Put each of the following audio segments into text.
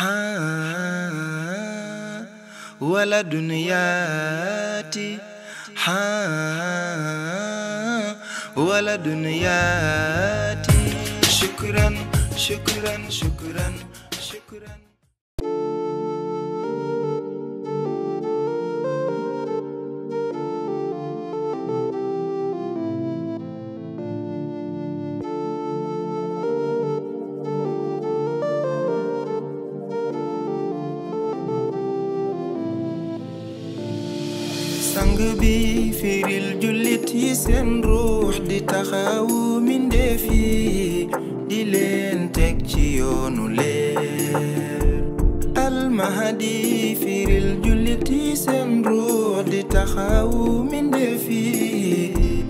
haa wala duniyaati haa wala duniyaati shukran shukran shukran shukran bi firil jullit yi seen ruux di taxawu mindeef yi ci yoonu leer almahadi firil jullit yi seen ruux di taxawu mindeef yi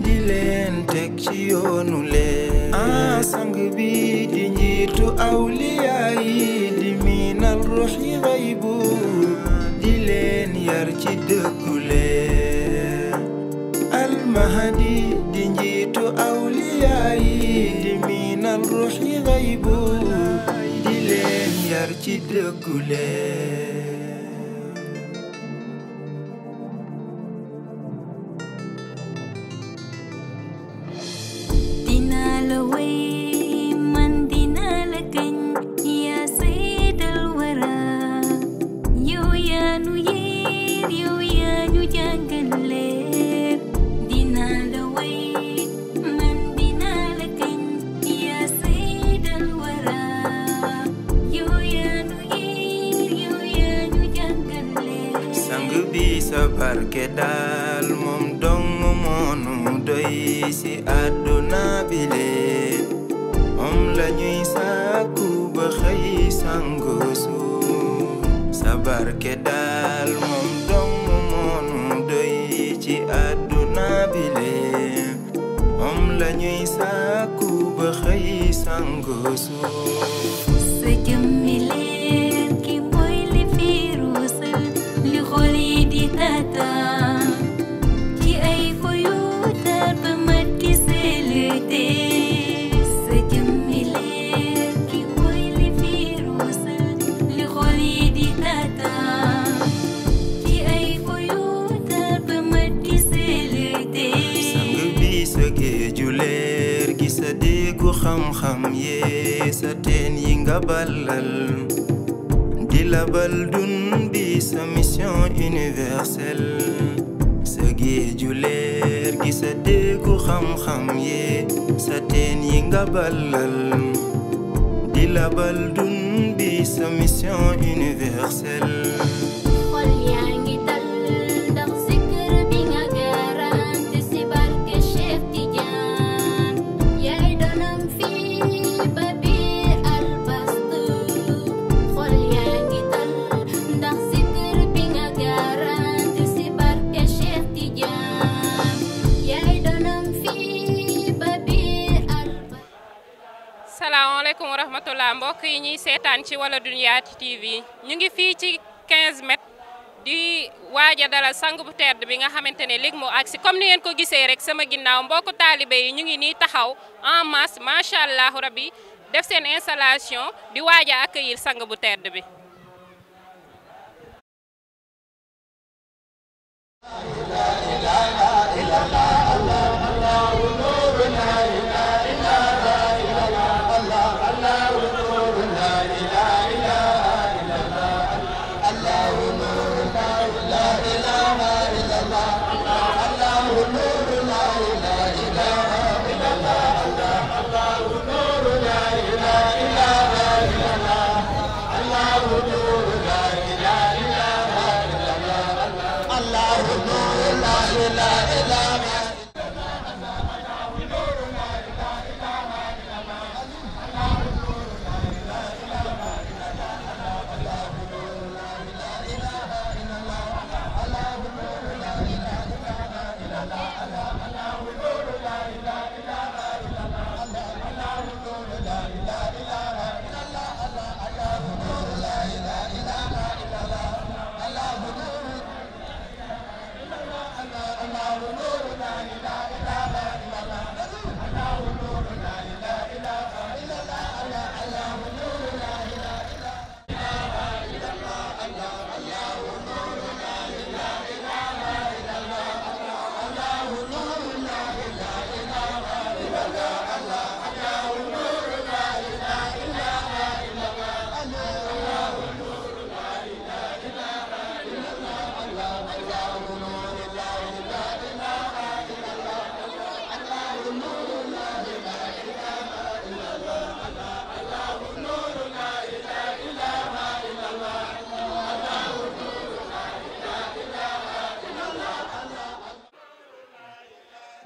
di leen teg ci yoonu leer ah sang bi di njiitu awliya yi di miinal ruux yi xaybu dëggu leen gotta get down. balal di labal dun di sa mission universelle sa géeju leer gi sa déegu xam-xam yee sa teen yi nga balal di labal dun di sa mission universelle ci ci wala ti TV ñu ngi fii ci 15 mètres di waaja a dalal sang bu terd bi nga xamante ne léegi moo agsi comme ni ngeen ko gisee rek sama ginnaaw mbokku taalibe yi ñu ngi nii taxaw en masse macha allah rabbi def seen installation di waaj a accueillir sang bu terd bi.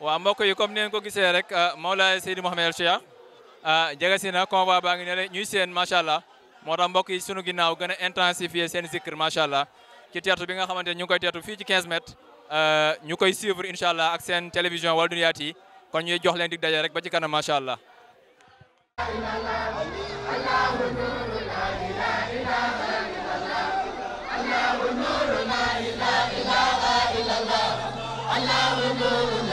waaw mbokk yi comme neen ko gisee rek euh, Mawlaay Seydi Mouhamed El Cheikh euh, jege si na convoi baa ngi ne rek ñuy seen macha allah moo tax mbokk yi sunu ginnaaw gën a intensifier seen zikr macha allah ci teertu bi nga xamante ne ñu ngi koy teertu fii ci 15 mètres euh, ñu koy suivre incha allah ak seen télévision Waldunia yi kon ñuy jox leen dig daje rek ba ci kanam macha allah. الله نور لا إله إلا الله الله نور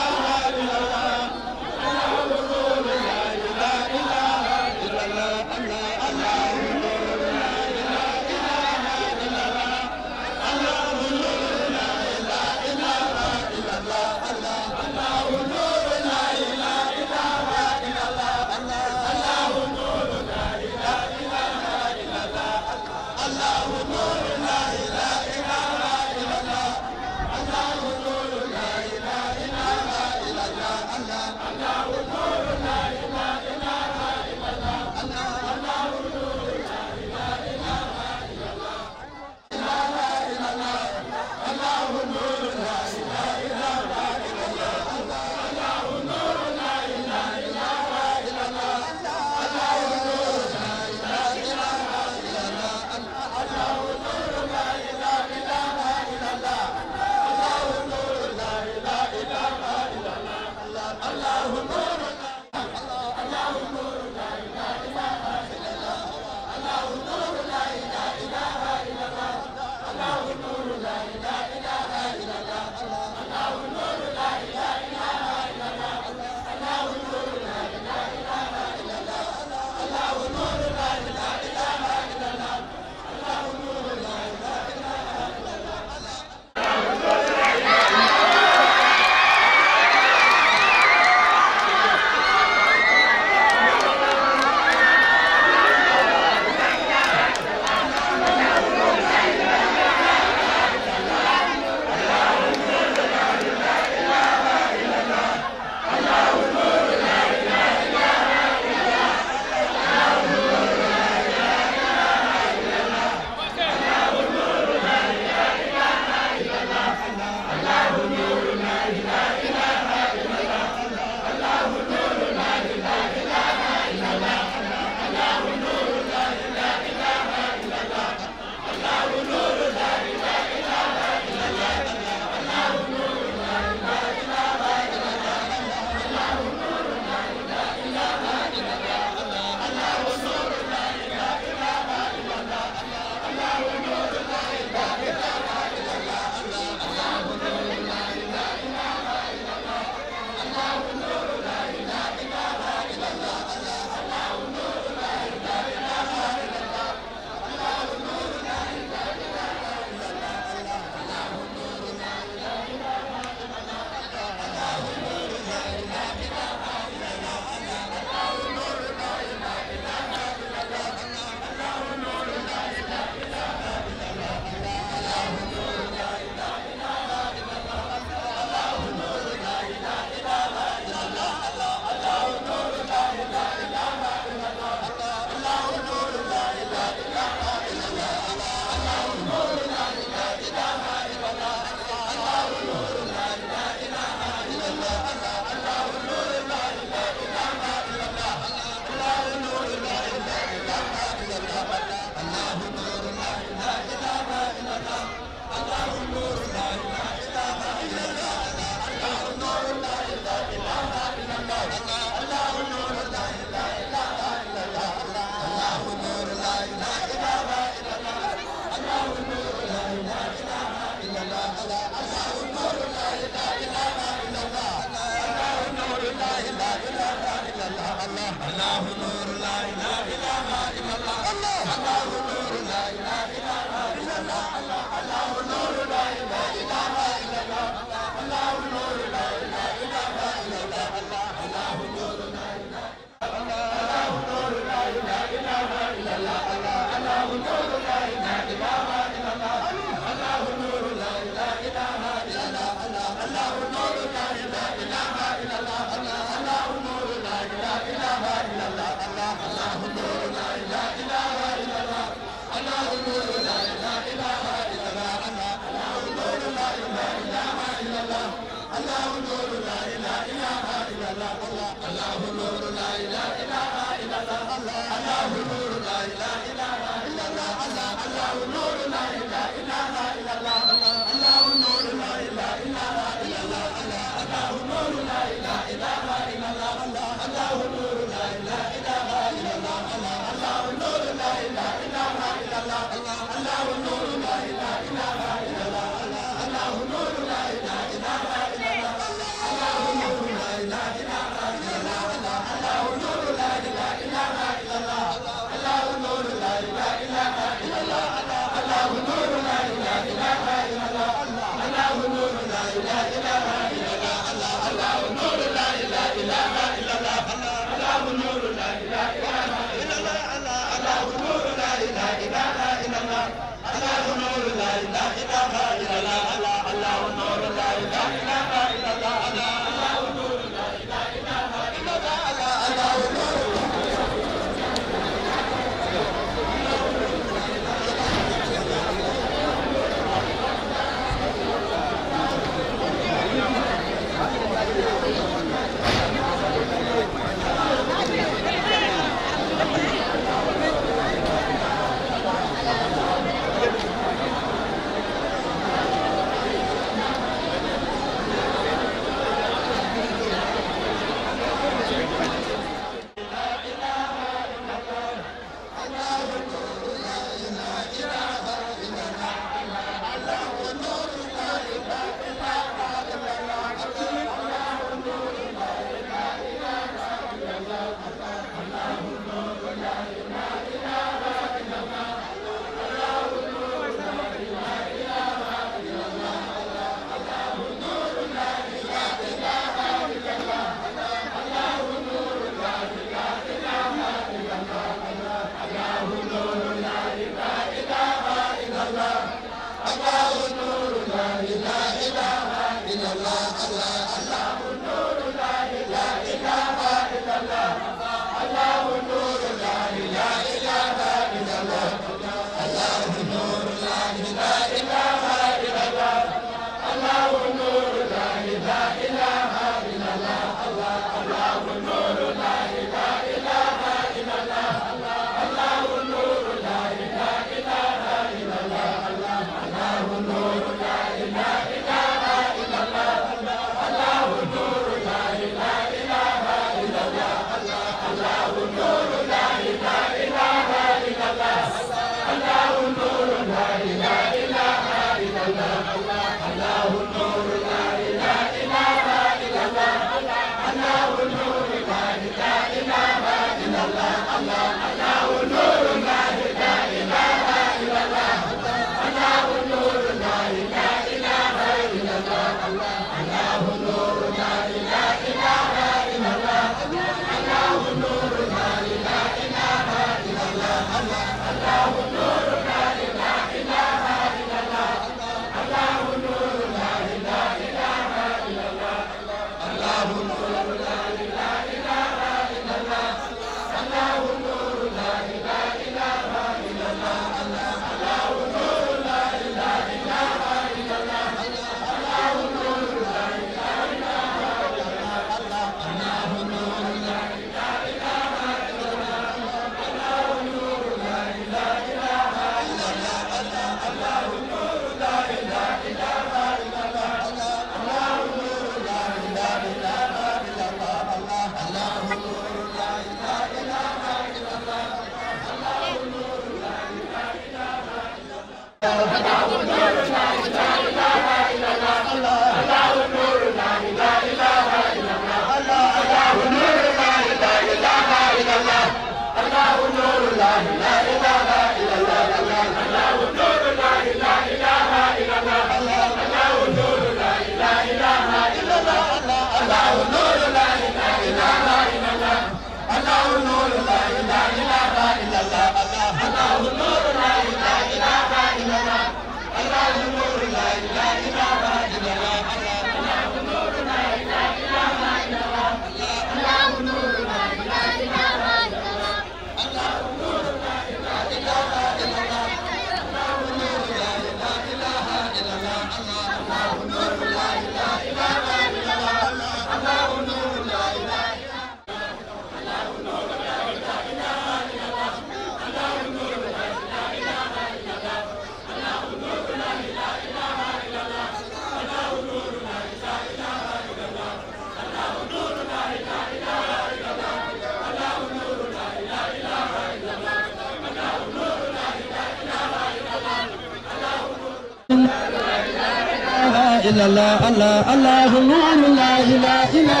الله الله الله نور لا إله إلا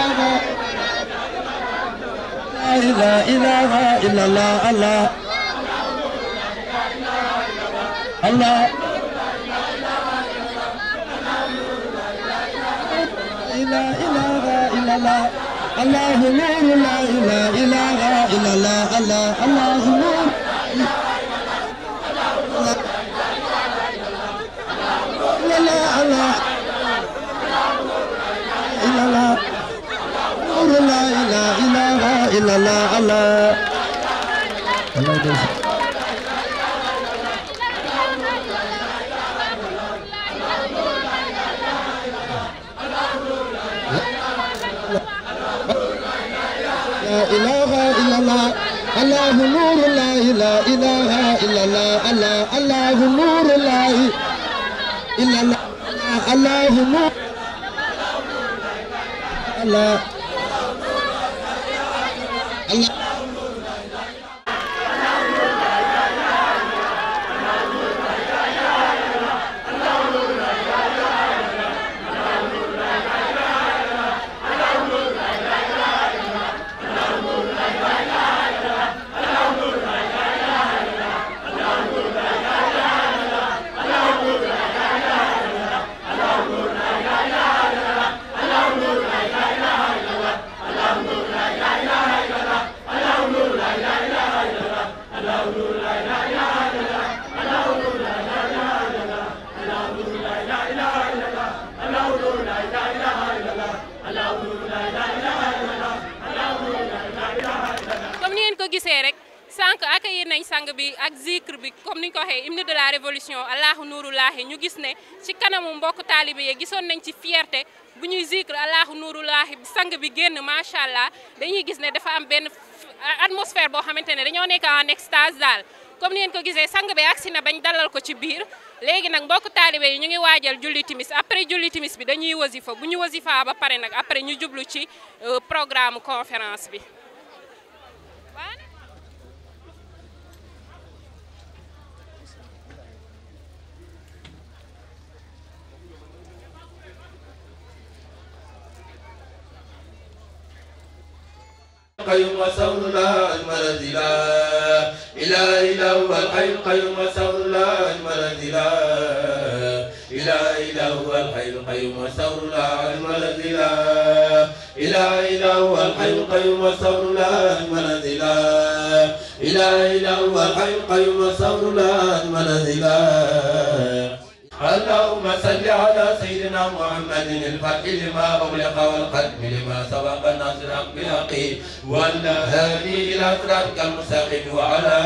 الله لا إله إلا الله الله الله لا إله إلا الله الله نور لا إله إلا الله الله الله نور الله الله illallah Allah Allah لا إله إلا الله الله نور الله لا إله إلا الله الله الله نور الله إلا الله الله نور الله ngeen ko gisee sang bi agsi na bañ dalal ko ci biir léegi nag mbokk taalibe yi ñu ngi waajal julli timis après julli timis bi dañuy wasifa bu ñu wasifaa ba pare nag après ñu jublu ci euh, programme conférence bi إله إلا هو الحي القيوم أستغفر الله أجمل لا إله إلا هو الحي القيوم أستغفر الله أجمل لا إله إلا هو الحي القيوم أستغفر الله أجمل لا إله إلا هو الحي القيوم أستغفر الله أجمل لا اللهم صل على سيدنا محمد الفتح لما أغلق والقدم لما سبق الناصر الحق بالحق والهادي إلى صراطك المستقيم وعلى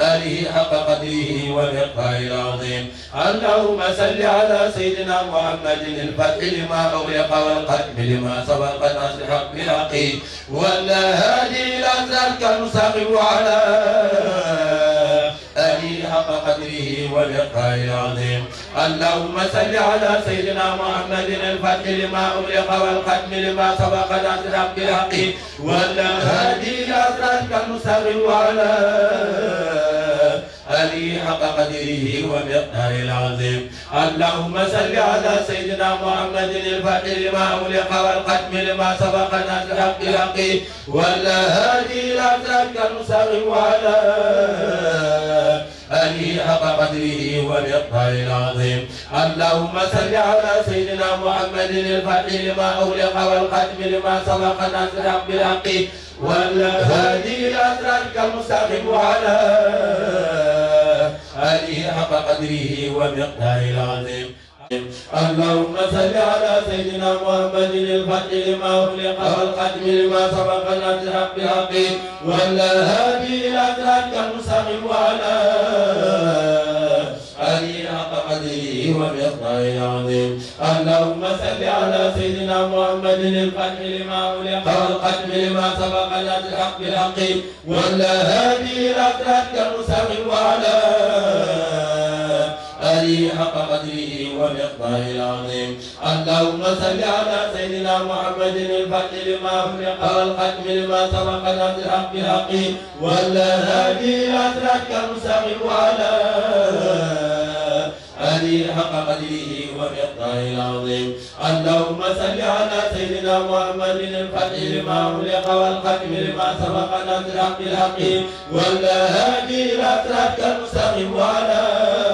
آله حق قدره ومقداره العظيم اللهم صل على سيدنا محمد الفتح لما أغلق والقدم لما سبق الناصر الحق بالحق والهادي إلى صراطك المستقيم وعلى حق قدره ولقاء العظيم اللهم صل على سيدنا محمد الفتح لما أغلق والختم لما سبق ناصر بالحق والهادي لأسرارك المستقيم وعلى علي حق قدره ومقدار العظيم اللهم صل على سيدنا محمد الفتح لما أغلق والختم لما سبق ناصر بالحق والهادي لأسرارك المستقيم وعلى ألي حق قدره ومقدار العظيم اللهم صل على سيدنا محمد الفاتح لما أغلق والختم لما سبق ناصر بالحق والهادي لأسرارك المستقيم وعلى ألي حق قدره ومقدار العظيم اللهم صل على سيدنا محمد الفتح لما أغلق والقدم لما سبق الناجح بحقه ولا هادي إلى صراطك المستقيم وعلى آله حق قدره ومقداره العظيم اللهم صل على سيدنا محمد الفتح لما أغلق والقدم لما سبق الناجح بحقه ولا هادي إلى صراطك المستقيم وعلى آله عليه حق قدره ومقداره العظيم اللهم صل على سيدنا محمد الفتح لما خلق والختم لما سبق نفس الحق بحقه ولا هادي أسرك المستقيم وعلى هذه حق قدره ومقداره العظيم اللهم صل على سيدنا محمد الفتح لما أغلق والختم لما سبق نصر الحق بالحق والهادي إلى صراطك المستقيم وعلى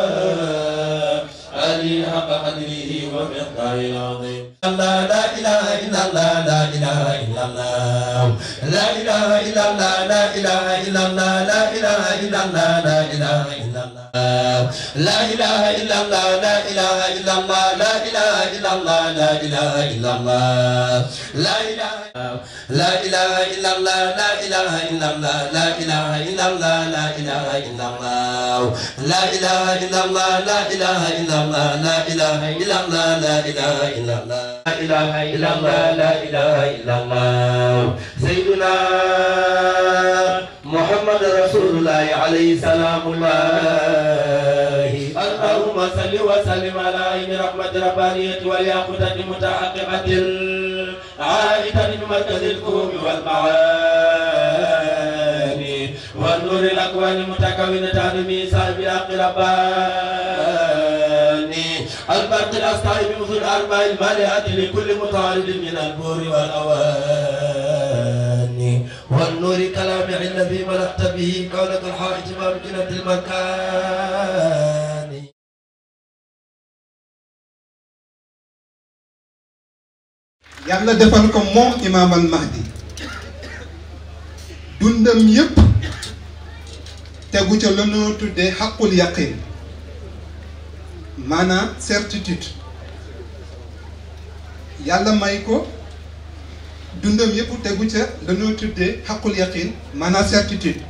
الله حق قدره ومقداره العظيم الله لا إله إلا الله لا إله إلا الله لا إله إلا الله لا إله إلا الله لا إله إلا الله لا إله إلا الله لا إله إلا الله لا إله إلا الله لا إله إلا الله لا إله إلا الله لا إله لا إله إلا الله لا إله إلا الله لا إله إلا الله لا إله إلا الله لا إله إلا الله لا إله إلا الله لا إله إلا الله لا إله إلا الله لا إله إلا الله لا إله إلا الله سيدنا محمد رسول الله عليه سلام الله اللهم صل وسلم على عين رحمة ربانية والياقوتة متعاقبة عائدا بمركز الكوم والمعاني والنور الاكوان المتكون تعلمي صاحب الحق رباني البرق الاسطى بمثل اربع المالئات لكل متعرض من البور والاواني والنور كلام علم في ملأت به كونك الحائط ممكنة المكان yàlla defal ko moom imaam mahdi dundam yépp tegu ca lanoo tuddee xaqul yaqin maanaam certitude yàlla may ko dundam yépp tegu ca lanoo tuddee xaqul yaqin maanaam certitude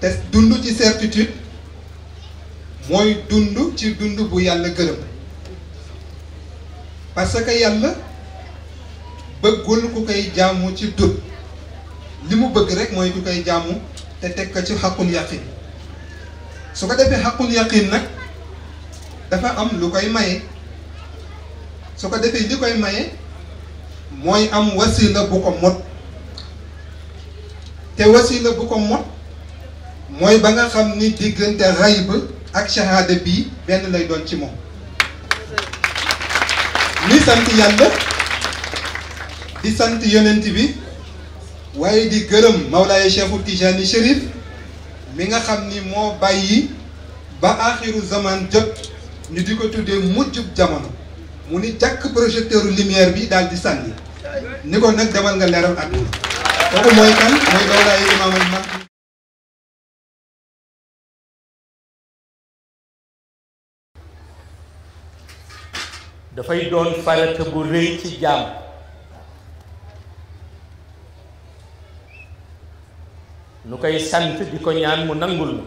te dund ci certitude mooy dund ci dund bu yàlla gërëm parce que yàlla bëggul ku koy jaamu ci dut li mu bëgg rek mooy ku koy jaamu te teg ko ci xaqul yaqin su ko defee xaqul yaqin nag dafa am lu koy maye su ko defee li koy maye mooy am wasila bu ko mot te wasila bu ko mot mooy ba nga xam ni diggante rayb ak shahada bii benn lay doon ci moom ni sant yàlla di sant yonent bi waaye di gërëm Mawlaaye Cheikhu Tijani Chérif mi nga xam ni moo bàyyi ba aaxiru zaman jot ñu di ko tuddee mujjub jamono mu ni jàkk projecteuru lumière bi daal di sànni ni ko nag demal nga leeral àdduna kooku mooy kan mooy Mawlaaye Imaamul Mahdi dafay doon farata bu rëy ci jàmm nu koy sant di ko ñaan mu nangul nu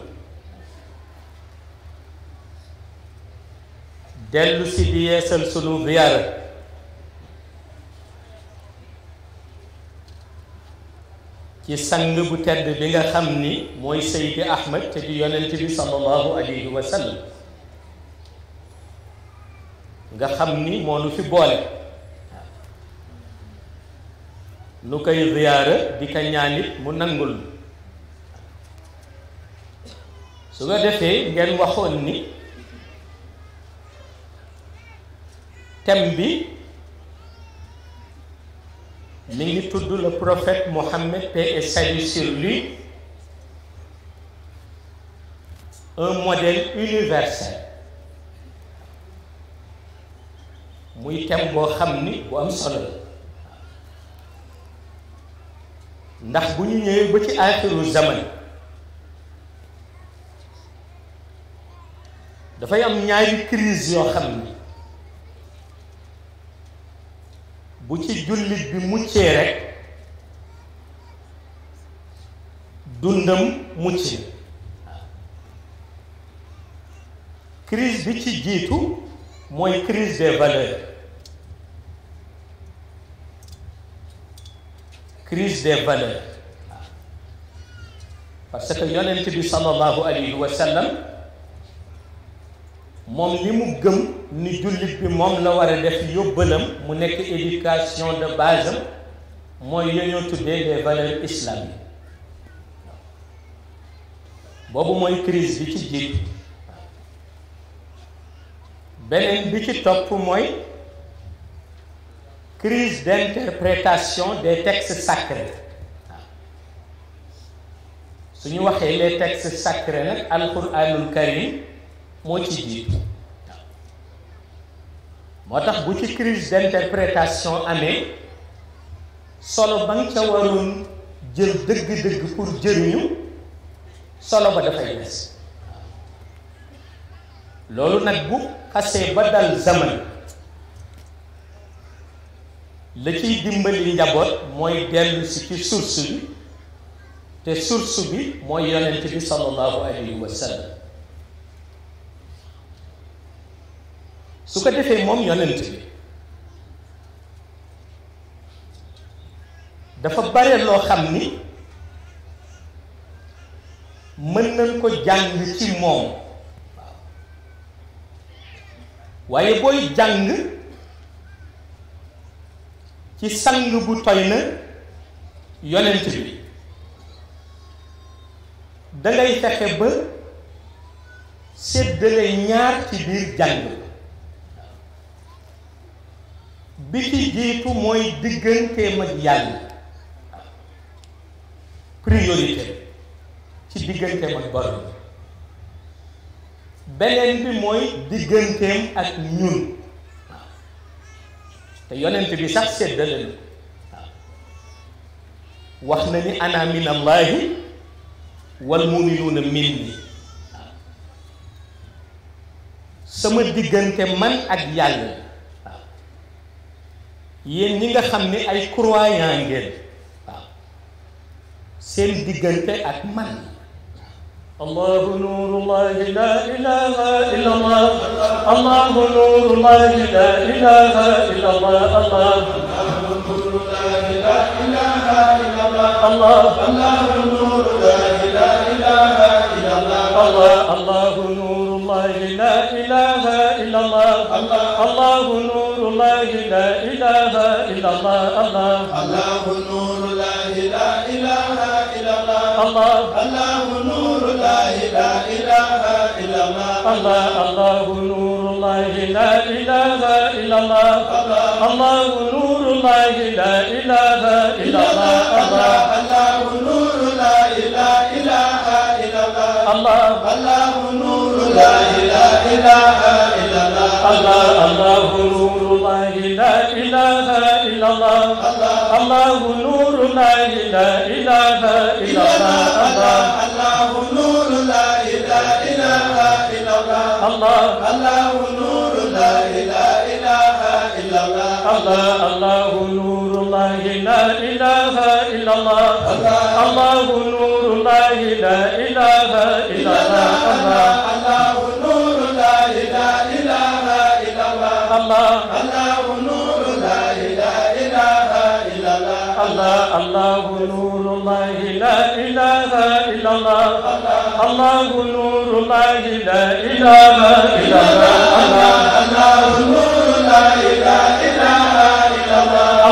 dellu di yeesal sunu ziyaara ci sang bu tedd bi nga xam ni mooy Seydi Ahmad te di yonent bi sallallahu alayhi wa nga xam ni moo nu fi boole nu koy ziyaara di ko ñaan it mu nangul su nga defee ngeen waxoon ni thème bi mi ngi tudd la prophète Mohammed paix et salut sur lui un modèle universel muy thème boo xam ni bu am solo ndax bu ñu ñëwee ba ci axiru zaman dafay am ñaari crise yoo xam ni bu ci jullit bi muccee rek dundam mucc na crise bi ci jiitu mooy crise des valeurs crise des valeurs parce que yonent bi alayhi wa sallam moom li mu gëm ni jullit bi moom la war a def yóbbalam mu nekk éducation de base mooy yooyu tuddee les valeurs islamiques boobu mooy crise bi ci jiitu beneen bi ci topp mooy crise d'interprétation des textes sacrés su ñu waxee les textes sacrés nag alquranul karim moo ci jiitu moo tax bu ci crise d'interprétation amee solo ba nga ca waroon jël dëgg-dëgg pour jëriñu solo ba dafay des loolu nag bu xasee ba dal zaman la ciy dimbali njaboot mooy dellu ci source bi te source bi mooy yonent bi sallallahu alayhi wa su ko defee moom yonent bi dafa bare loo xam ni mën nañ ko jàng ci moom waaye booy jàng ci sang bu toy na yonent bi dangay fexe ba séddale ñaar ci biir jàng bi ci jiitu mooy digganteem ak yàlla priorité ci digganteem ak borom beneen bi mooy digganteem ak ñun te yonent bi sax séddale na wax na ni ana min allahi wal muminuuna minni waaw sama diggante man ak yàlla yéen ñi nga xam ne ay croyants ngeen waaw seen diggante ak man allahu nurullahi la ilaha illa allah allahu nurullahi la ilaha illa allah allahu nurullahi la ilaha illa allah allahu nurullahi la ilaha illa allah allah allah إله إلا الله الله نور الله لا إله إلا الله الله الله نور الله لا إله إلا الله الله الله نور الله لا إله إلا الله الله الله نور الله لا إله إلا الله الله نور الله لا إله إلا الله الله الله نور لا إله إلا الله الله الله نور لا إله إلا الله الله الله نور الله لا إله إلا الله الله نور لا إله إلا الله الله نور لا إله إلا الله الله نور لا إله إلا الله الله الله نور الله لا إله إلا الله الله نور الله لا إله إلا الله الله الله نور لا إله إلا الله الله الله نور الله لا إله إلا الله الله نور الله لا إله إلا الله الله نور لا إله إلا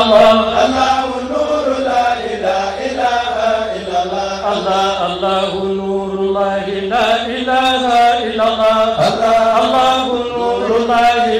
الله الله الله نور لا إله إلا الله الله الله نور الله لا إله إلا الله الله نور الله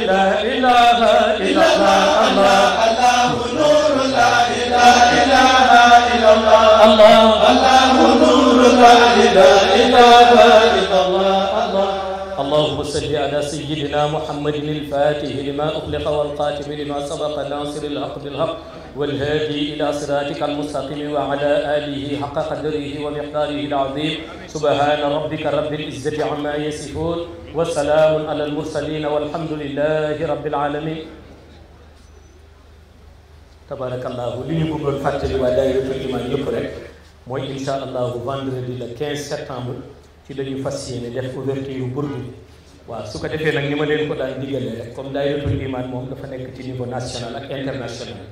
اللهم صل على سيدنا محمد الفاتح لما أخلق والقاتم لما سبق ناصر الحق بالحق والهادي إلى صراطك المستقيم وعلى آله حق قدره ومقداره العظيم سبحان ربك رب العزة عما يصفون وسلام على المرسلين والحمد لله رب العالمين تبارك الله لي بوغل فاتلي ودايرة الإيمان يقرأ mooy insha allahu vendredi le 15 septembre ci la ñu fas yéene def ouverture burdu bi waaw su ko defee nag ni ma leen ko daan diggalee rek comme daayiratul iman moom dafa nekk ci niveau national ak international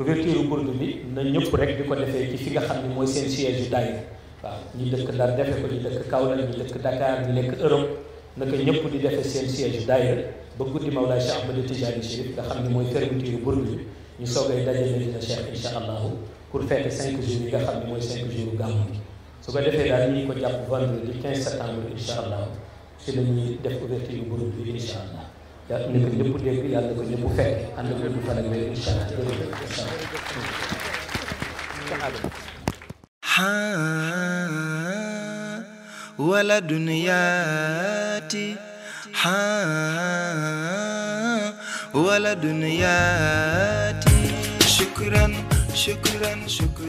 ouverture burdu bi na ñëpp rek di ko defee ci fi nga xam ne mooy seen siège yu daayira waaw ñu dëkk Ndar defe ko ñu dëkk Kaolack ñu dëkk Dakar ñu nekk Europe naka ñëpp di defee seen siège yu daayira ba guddi Mawlaay Cheikh Ahmadu Tijaani Chérif nga xam ne mooy fermeture burdu bi ñu soogay dajale dina Cheikh insha allahu pour fête cinq jours yi nga xam mooy cinq jours gàmmu gi su ko defee daal ñu ko jàpp vendredi 15 septembre incha allah ci la def ouverture bu groupe bi incha allah yàlla na ko ñëpp dégg yàlla na ko ñëpp fekk ànd ak allah jërëjëf ولا دنياتي ها ولا دنياتي شكرا شكرا شكرا